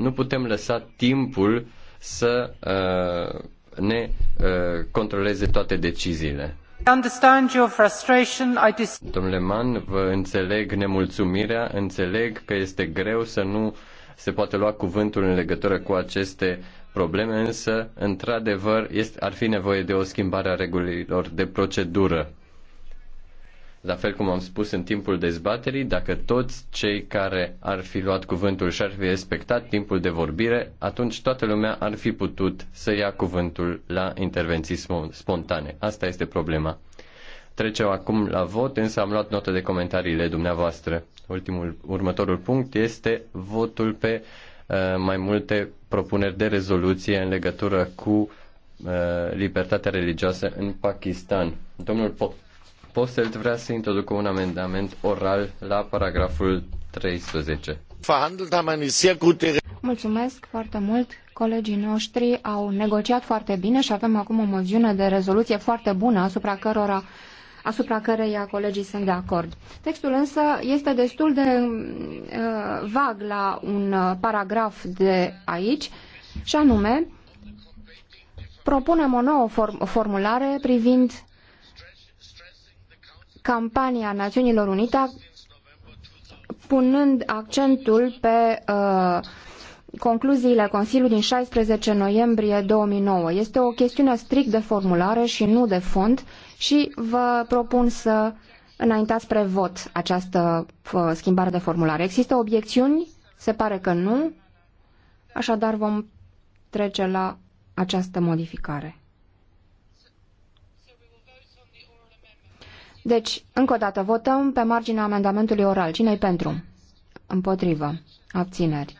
Nu putem lăsa timpul să uh, ne uh, controleze toate deciziile. Domnule Mann, vă înțeleg nemulțumirea, înțeleg că este greu să nu se poate lua cuvântul în legătură cu aceste probleme, însă, într-adevăr, este, ar fi nevoie de o schimbare a regulilor de procedură. La fel cum am spus în timpul dezbaterii, dacă toți cei care ar fi luat cuvântul și ar fi respectat timpul de vorbire, atunci toată lumea ar fi putut să ia cuvântul la intervenții spontane. Asta este problema. Trecem acum la vot, însă am luat notă de comentariile dumneavoastră. Ultimul, următorul punct este votul pe uh, mai multe propuneri de rezoluție în legătură cu uh, libertatea religioasă în Pakistan. Domnul Pop Postelt vrea să introducă un amendament oral la paragraful 13. Mulțumesc foarte mult. Colegii noștri au negociat foarte bine și avem acum o moțiune de rezoluție foarte bună asupra cărora asupra căreia colegii sunt de acord. Textul însă este destul de uh, vag la un uh, paragraf de aici și anume propunem o nouă form formulare privind campania Națiunilor Unite punând accentul pe uh, concluziile Consiliului din 16 noiembrie 2009. Este o chestiune strict de formulare și nu de fond și vă propun să înaintați spre vot această uh, schimbare de formulare. Există obiecțiuni? Se pare că nu. Așadar vom trece la această modificare. Deci, încă o dată, votăm pe marginea amendamentului oral. Cine-i pentru? Împotrivă. Abțineri.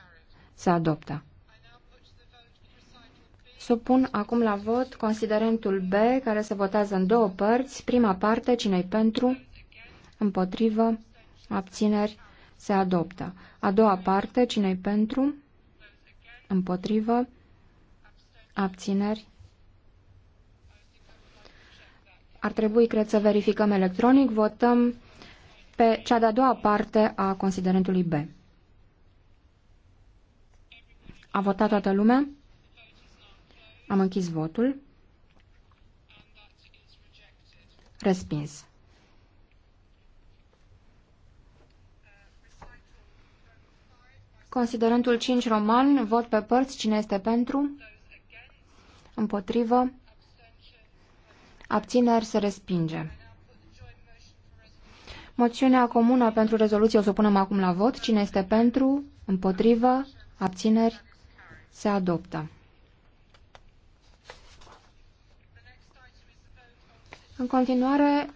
Se adoptă. Supun acum la vot considerentul B, care se votează în două părți. Prima parte, cine-i pentru? Împotrivă. Abțineri. Se adoptă. A doua parte, cine-i pentru? Împotrivă. Abțineri. Ar trebui, cred, să verificăm electronic. Votăm pe cea de-a doua parte a considerentului B. A votat toată lumea? Am închis votul. Respins. Considerentul 5 roman, vot pe părți, cine este pentru? Împotrivă? abțineri, se respinge. Moțiunea comună pentru rezoluție o supunem acum la vot. Cine este pentru, împotrivă, abțineri, se adoptă. În continuare,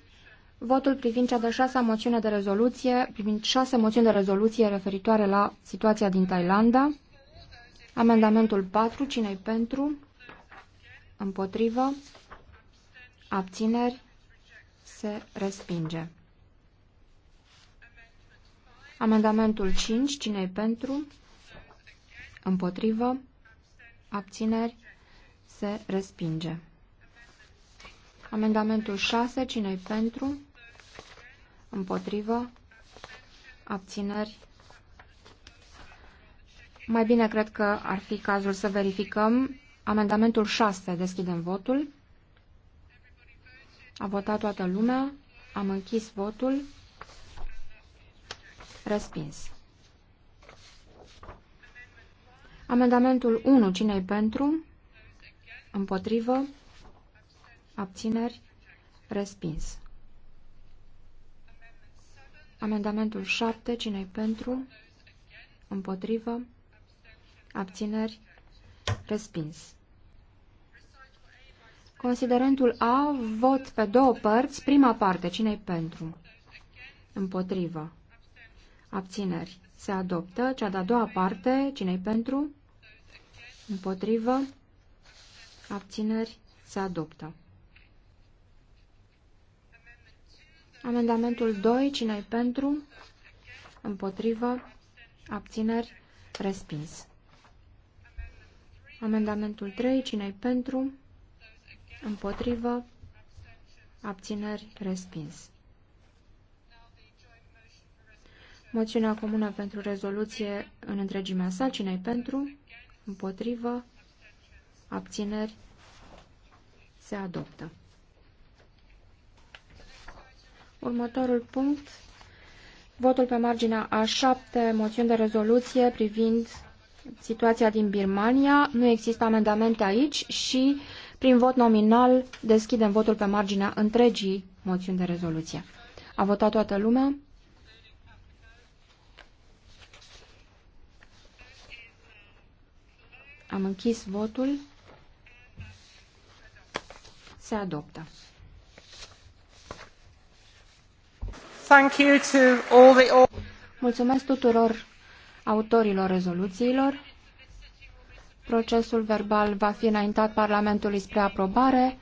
votul privind cea de șasea moțiune de rezoluție, privind șase moțiuni de rezoluție referitoare la situația din Thailanda. Amendamentul 4, cine pentru? Împotrivă? Abțineri. Se respinge. Amendamentul 5. cine e pentru? Împotrivă. Abțineri. Se respinge. Amendamentul 6. cine e pentru? Împotrivă. Abțineri. Mai bine cred că ar fi cazul să verificăm. Amendamentul 6. Deschidem votul. A votat toată lumea. Am închis votul. Respins. Amendamentul 1. cine pentru? Împotrivă? Abțineri? Respins. Amendamentul 7. cine pentru? Împotrivă? Abțineri? Respins. Considerentul A, vot pe două părți, prima parte, cine-i pentru? Împotrivă. Abțineri. Se adoptă. Cea de-a doua parte, cine-i pentru? Împotrivă. Abțineri. Se adoptă. Amendamentul 2, cine-i pentru? Împotrivă. Abțineri. Respins. Amendamentul 3, cine-i pentru? Împotrivă. Abțineri. Respins. Moțiunea comună pentru rezoluție în întregimea sa. cine pentru? Împotrivă. Abțineri. Se adoptă. Următorul punct. Votul pe marginea A7, moțiuni de rezoluție privind situația din Birmania. Nu există amendamente aici și prin vot nominal deschidem votul pe marginea întregii moțiuni de rezoluție. A votat toată lumea? Am închis votul. Se adoptă. Thank you to all the... Mulțumesc tuturor autorilor rezoluțiilor. Procesul verbal va fi înaintat Parlamentului spre aprobare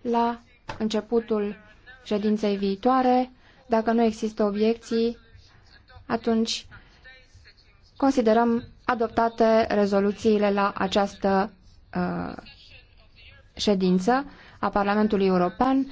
la începutul ședinței viitoare. Dacă nu există obiecții, atunci considerăm adoptate rezoluțiile la această uh, ședință a Parlamentului European.